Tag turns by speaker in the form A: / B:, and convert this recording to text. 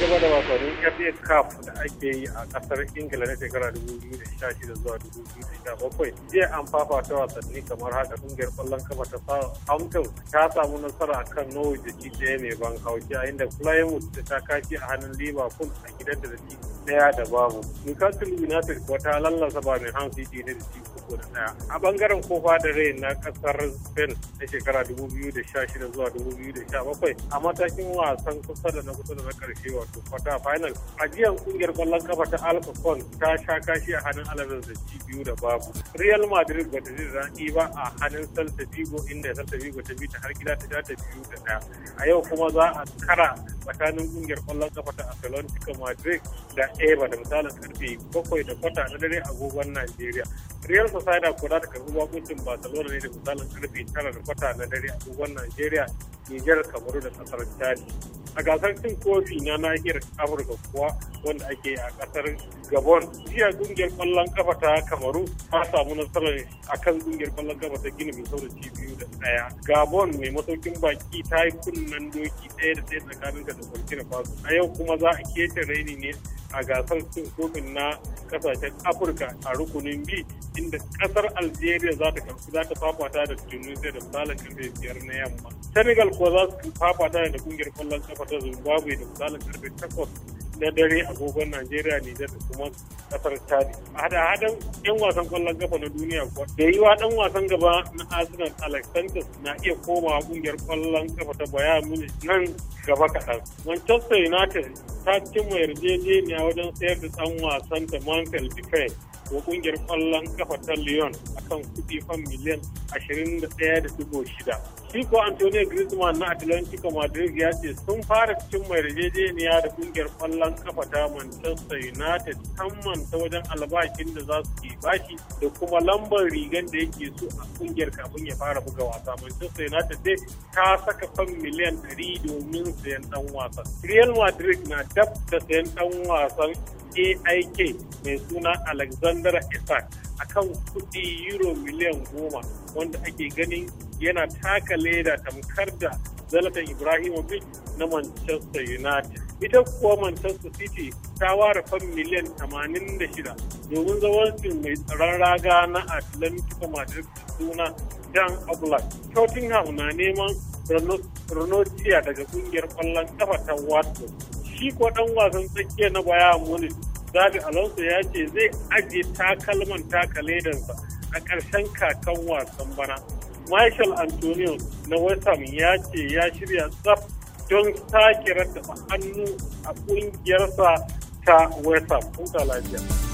A: gaba da wasannin FA Cup da ake yi a kasar Ingila na shekara 2016 zuwa 2017. Jiya an fafata wasanni kamar haka kungiyar kwallon kafa ta Southampton ta samu nasara a kan Norwich da ci ɗaya mai ban haushi a inda Plymouth ta kashi a hannun Liverpool a gidan da ci daya da babu newcastle united wata ta lallasa ba mai hansu ne da ci uku da daya a bangaren kofa da rai na kasar spain na shekara 2016 zuwa 2017 a matakin wasan kusa da na kusa da na karshe wato kwata final ajiyar kungiyar kwallon kafa ta alcacon ta sha kashi a hannun alabes da ci biyu da babu real madrid ba ta ji daɗi ba a hannun celta vigo inda celta vigo ta bi ta har gida ta ta biyu da daya a yau kuma za a kara tsakanin kungiyar kwallon kafa ta Atlantico Madrid da Eva da misalin karfe bakwai da kwata na dare agogon Najeriya. Real Sociedad ko za ta karbi bakuncin Barcelona ne da misalin karfe tara da kwata na dare a agogon Najeriya, Nijar, Kamaru da kasar Chad. a gasar cin kofi na nahiyar afirka kuwa wanda ake a kasar gabon jiya kungiyar kwallon kafa ta kamaru ta samu nasarar kan kungiyar kwallon kafa ta gini mai sau da biyu da daya gabon mai masaukin baki ta yi kunnen doki ɗaya da ɗaya tsakanin da burkina faso a yau kuma za a keta raini ne a gasar cin kofin na kasashen afirka a rukunin b inda kasar algeria za ta za ta fafata da tunisia da misalin karfe biyar na yamma senegal kuwa za su fafata da kungiyar kwallon kafa ta zimbabwe da misalin karfe takwas na dare agogon nigeria niger da kuma kasar Chadi. Hada-hadan 'yan wasan kwallon kafa na duniya ko da yiwa dan wasan gaba na Arsenal Alexander na iya komawa kungiyar kwallon kafa ta Bayern Munich nan gaba kaɗan. Manchester United ta cimma yarjejeniya wajen sayar da ɗan wasan ta Manchester Defense ko kungiyar kwallon kafa ta Lyon akan kuɗi fan miliyan 21.6. Chico Antonio Griezmann na Atlantico Madrid ya ce sun fara cikin mai yarjejeniya da kungiyar kwallon kafa ta Manchester United musamman ta wajen albashin da za su ke bashi da kuma lambar rigan da yake so a kungiyar kafin ya fara buga wasa. Manchester United dai ta saka fan miliyan 100 domin sayan dan wasan. Real Madrid na dab da sayan dan wasan AIK mai suna Alexander Isak. a kan kuɗi euro miliyan goma wanda ake ganin yana taka leda tamkar da zalatan ibrahimovic na manchester united ita kuwa manchester city ta ware fan miliyan 86 domin zawarcin mai tsaron raga na atlantic madrid suna dan oblak tottenham na neman Renault daga kungiyar kwallon kafa ta watford shi kuwa dan wasan tsakiyar na bayan Munich Zabi Alonso ya ce zai ajiye takalman takaledansa a ƙarshen kakan wasan bana. Michael Antonio na West ya ce ya shirya tsaf don sake rattaba hannu a ƙungiyarsa ta West Ham. lafiya.